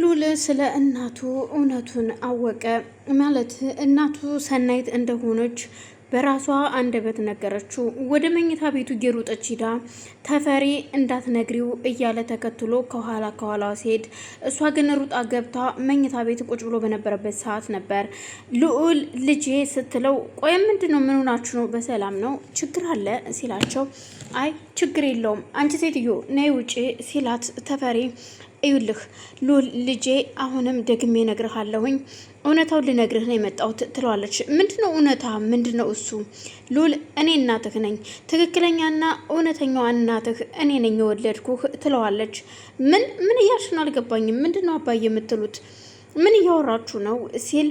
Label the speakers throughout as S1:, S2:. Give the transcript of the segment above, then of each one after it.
S1: ሉል ስለ እናቱ እውነቱን አወቀ። ማለት እናቱ ሰናይት እንደሆነች በራሷ አንደበት ነገረችው። ወደ መኝታ ቤቱ እየሮጠች ሂዳ ተፈሪ እንዳትነግሪው እያለ ተከትሎ ከኋላ ከኋላ ሲሄድ እሷ ግን ሩጣ ገብታ መኝታ ቤት ቁጭ ብሎ በነበረበት ሰዓት ነበር ልዑል ልጄ ስትለው፣ ቆይ ምንድን ነው? ምን ሆናችሁ ነው? በሰላም ነው? ችግር አለ ሲላቸው፣ አይ ችግር የለውም አንቺ ሴትዮ ነይ ውጪ ሲላት፣ ተፈሪ እዩልህ ልጄ፣ አሁንም ደግሜ ነግርሃለሁኝ። እውነታውን ልነግርህ ነው የመጣሁት ትለዋለች። ምንድነው እውነታ? ምንድነው እሱ? ሉል እኔ እናትህ ነኝ፣ ትክክለኛና እውነተኛዋ እናትህ እኔ ነኝ የወለድኩህ ትለዋለች። ምን ምን እያልሽ ነው? አልገባኝም። አባዬ የምትሉት? ምን እያወራችሁ ነው ሲል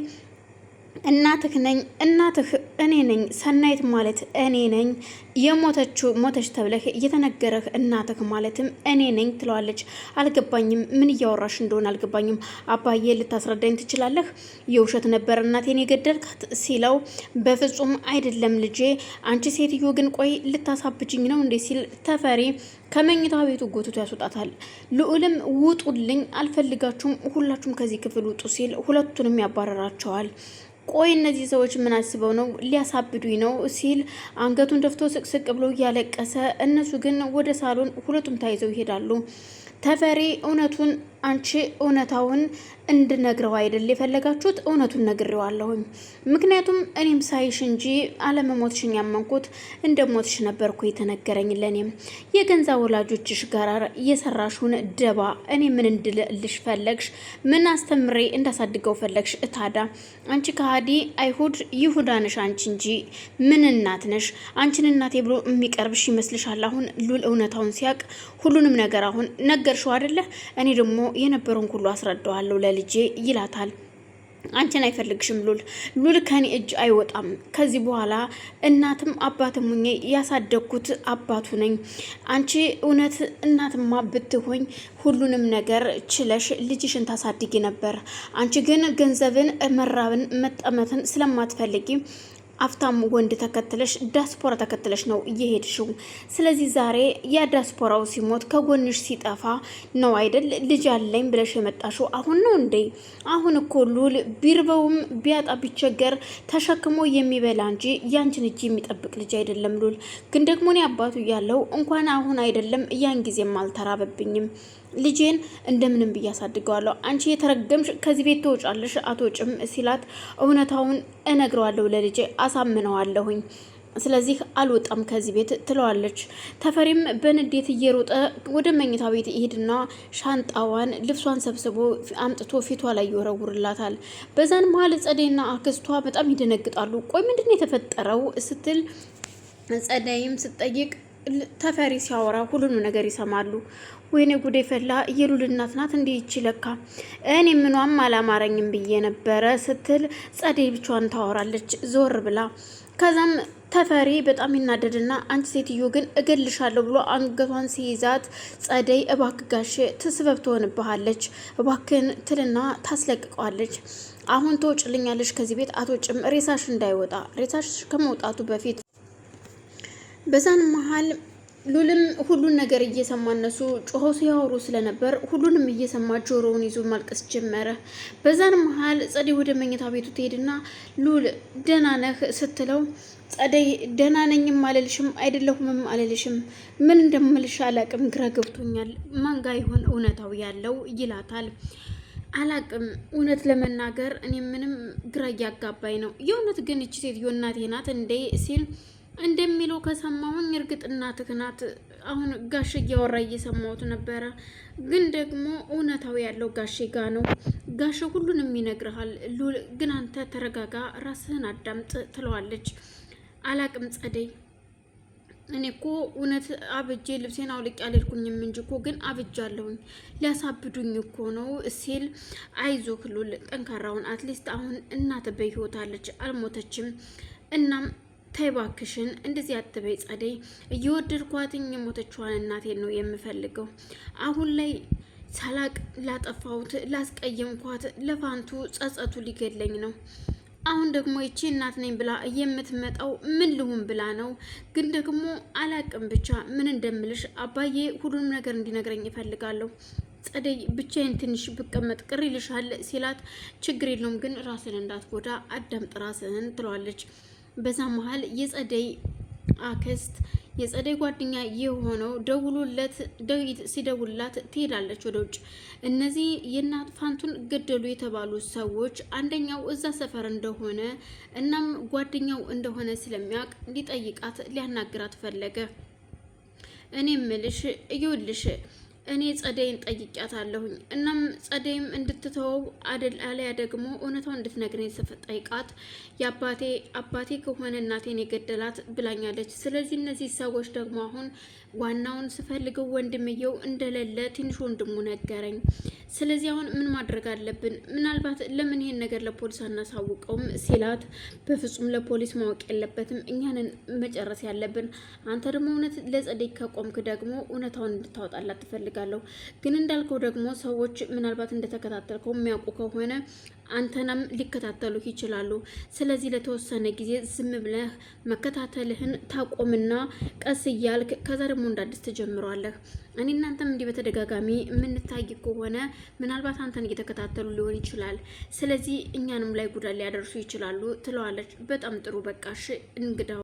S1: እናትህ ነኝ እናትህ እኔ ነኝ ሰናይት ማለት እኔ ነኝ የሞተችው ሞተች ተብለህ እየተነገረህ እናትህ ማለትም እኔ ነኝ ትለዋለች። አልገባኝም፣ ምን እያወራሽ እንደሆነ አልገባኝም። አባዬ ልታስረዳኝ ትችላለህ? የውሸት ነበር እናቴን የገደልካት ሲለው፣ በፍጹም አይደለም ልጄ። አንቺ ሴትዮ ግን ቆይ ልታሳብጅኝ ነው እንዴ? ሲል ተፈሪ ከመኝታ ቤቱ ጎትቶ ያስወጣታል። ልዑልም ውጡልኝ፣ አልፈልጋችሁም፣ ሁላችሁም ከዚህ ክፍል ውጡ ሲል ሁለቱንም ያባረራቸዋል። ቆይ እነዚህ ሰዎች ምን አስበው ነው ሊያሳብዱኝ ነው ሲል አንገቱን ደፍቶ ስቅስቅ ብሎ እያለቀሰ፣ እነሱ ግን ወደ ሳሎን ሁለቱም ተያይዘው ይሄዳሉ። ተፈሪ እውነቱን አንቺ እውነታውን እንድነግረው አይደል የፈለጋችሁት? እውነቱን ነግሬዋለሁኝ። ምክንያቱም እኔም ሳይሽ እንጂ አለመሞትሽን ያመንኩት እንደ ሞትሽ ነበርኩ የተነገረኝ። ለእኔም የገንዛ ወላጆችሽ ጋር የሰራሽውን ደባ እኔ ምን እንድልልሽ ፈለግሽ? ምን አስተምሬ እንዳሳድገው ፈለግሽ? እታዳ አንቺ ከሃዲ አይሁድ ይሁዳንሽ አንቺ እንጂ ምን እናት ነሽ? አንቺን እናቴ ብሎ የሚቀርብሽ ይመስልሻል? አሁን ሉል እውነታውን ሲያውቅ ሁሉንም ነገር አሁን ነገርሽው አደለ? እኔ ደግሞ የነበረውን ሁሉ አስረዳዋለሁ ለልጄ ይላታል። አንቺን አይፈልግሽም ሉል ሉል ከኔ እጅ አይወጣም። ከዚህ በኋላ እናትም አባትም ሁኜ ያሳደግኩት አባቱ ነኝ። አንቺ እውነት እናትማ ብትሆኝ ሁሉንም ነገር ችለሽ ልጅሽን ታሳድጊ ነበር። አንቺ ግን ገንዘብን፣ መራብን፣ መጠመትን ስለማትፈልጊ አፍታም ወንድ ተከትለሽ ዳስፖራ ተከትለሽ ነው እየሄድሽው። ስለዚህ ዛሬ ያ ዳስፖራው ሲሞት ከጎንሽ ሲጠፋ ነው አይደል ልጅ አለኝ ብለሽ የመጣሽው አሁን ነው እንዴ? አሁን እኮ ሉል ቢርበውም ቢያጣ ቢቸገር ተሸክሞ የሚበላ እንጂ ያንችን እጅ የሚጠብቅ ልጅ አይደለም። ሉል ግን ደግሞ እኔ አባቱ ያለው እንኳን አሁን አይደለም ያን ጊዜም አልተራበብኝም። ልጄን እንደምንም ብዬ አሳድገዋለሁ። አንቺ የተረገምሽ ከዚህ ቤት ትወጫለሽ አትወጭም ሲላት እውነታውን እነግረዋለሁ ለልጄ አሳምነዋለሁኝ ስለዚህ አልወጣም ከዚህ ቤት ትለዋለች። ተፈሪም በንዴት እየሮጠ ወደ መኝታ ቤት ይሄድና ሻንጣዋን፣ ልብሷን ሰብስቦ አምጥቶ ፊቷ ላይ ይወረውርላታል። በዛን መሀል ጸደይና አክስቷ በጣም ይደነግጣሉ። ቆይ ምንድን ነው የተፈጠረው ስትል ጸደይም ስትጠይቅ ተፈሪ ሲያወራ ሁሉንም ነገር ይሰማሉ። ወይኔ ጉዴ ፈላ የሉል እናት ናት እንዲህ ይቺ ለካ እኔ ምኗም አላማረኝም ብዬ ነበረ ስትል ጸደይ ብቻዋን ታወራለች ዞር ብላ። ከዛም ተፈሪ በጣም ይናደድና አንቺ ሴትዮ ግን እገልሻለሁ ብሎ አንገቷን ሲይዛት ጸደይ እባክ ጋሼ ትስበብ ትሆንብሃለች እባክን ትልና ታስለቅቀዋለች። አሁን ትወጭልኛለች ከዚህ ቤት አትወጭም፣ ሬሳሽ እንዳይወጣ ሬሳሽ ከመውጣቱ በፊት በዛን መሀል ሉልም ሁሉን ነገር እየሰማ እነሱ ጮኸው ሲያወሩ ስለነበር ሁሉንም እየሰማ ጆሮውን ይዞ ማልቀስ ጀመረ። በዛን መሀል ጸደይ ወደ መኝታ ቤቱ ትሄድና ሉል ደህና ነህ ስትለው ጸደይ ደህና ነኝም አልልሽም አይደለሁምም አልልሽም ምን እንደምልሽ አላቅም፣ ግራ ገብቶኛል። ማንጋ ይሆን እውነታው ያለው ይላታል። አላቅም እውነት ለመናገር እኔ ምንም ግራ እያጋባኝ ነው። የእውነት ግን እቺ ሴትዮ እናቴ ናት እንዴ ሲል እንደሚለው ከሰማሁኝ እርግጥ እናትህ ናት። አሁን ጋሼ እያወራ እየሰማሁት ነበረ፣ ግን ደግሞ እውነታው ያለው ጋሼ ጋ ነው። ጋሼ ሁሉንም ይነግርሃል፣ ግን አንተ ተረጋጋ፣ ራስህን አዳምጥ ትለዋለች። አላቅም ጸደይ፣ እኔ እኮ እውነት አብጄ ልብሴን አውልቄ አልሄድኩኝም እንጂ እኮ ግን አብጃለሁኝ፣ ሊያሳብዱኝ እኮ ነው ሲል፣ አይዞ ሉል፣ ጠንካራውን አትሊስት አሁን እናትህ በሕይወት አለች፣ አልሞተችም። እናም ተይ እባክሽን እንደዚህ አትበይ ጸደይ፣ እየወደድኳትኝ የሞተችዋን እናቴን ነው የምፈልገው። አሁን ላይ ሳላቅ ላጠፋሁት ላስቀየምኳት ለፋንቱ ጸጸቱ ሊገለኝ ነው። አሁን ደግሞ ይቺ እናት ነኝ ብላ የምትመጣው ምን ልሁን ብላ ነው? ግን ደግሞ አላቅም። ብቻ ምን እንደምልሽ አባዬ ሁሉንም ነገር እንዲነግረኝ ይፈልጋለሁ። ጸደይ ብቻዬን ትንሽ ብቀመጥ ቅር ይልሻል ሲላት፣ ችግር የለውም ግን ራስን እንዳትጎዳ አዳምጥ ራስህን ትለዋለች። በዛ መሀል የጸደይ አክስት የጸደይ ጓደኛ የሆነው ደውሎለት ደዊት ሲደውልላት ትሄዳለች ወደ ውጭ። እነዚህ የእናት ፋንቱን ገደሉ የተባሉ ሰዎች አንደኛው እዛ ሰፈር እንደሆነ እናም ጓደኛው እንደሆነ ስለሚያውቅ ሊጠይቃት ሊያናግራት ፈለገ። እኔ ምልሽ እዩልሽ እኔ ጸደይን ጠይቂያታለሁኝ። እናም ጸደይም እንድትተወው አደላለያ ደግሞ እውነታውን እንድትነግረኝ ጠይቃት የአባቴ አባቴ ከሆነ እናቴን የገደላት ብላኛለች። ስለዚህ እነዚህ ሰዎች ደግሞ አሁን ዋናውን ስፈልገው ወንድምየው እንደሌለ ትንሽ ወንድሙ ነገረኝ። ስለዚህ አሁን ምን ማድረግ አለብን? ምናልባት ለምን ይሄን ነገር ለፖሊስ አናሳውቀውም ሲላት፣ በፍጹም ለፖሊስ ማወቅ የለበትም እኛንን መጨረስ ያለብን። አንተ ደግሞ እውነት ለጸደይ ከቆምክ ደግሞ እውነታውን እንድታወጣላት ትፈልግ እፈልጋለሁ። ግን እንዳልከው ደግሞ ሰዎች ምናልባት እንደተከታተልከው የሚያውቁ ከሆነ አንተንም ሊከታተሉ ይችላሉ። ስለዚህ ለተወሰነ ጊዜ ዝም ብለህ መከታተልህን ታቆምና ቀስ እያልክ ከዛ ደግሞ እንደ ትጀምረዋለህ። እኔ እናንተም እንዲህ በተደጋጋሚ የምንታይ ከሆነ ምናልባት አንተን እየተከታተሉ ሊሆን ይችላል። ስለዚህ እኛንም ላይ ጉዳት ሊያደርሱ ይችላሉ ትለዋለች። በጣም ጥሩ በቃሽ እንግዳው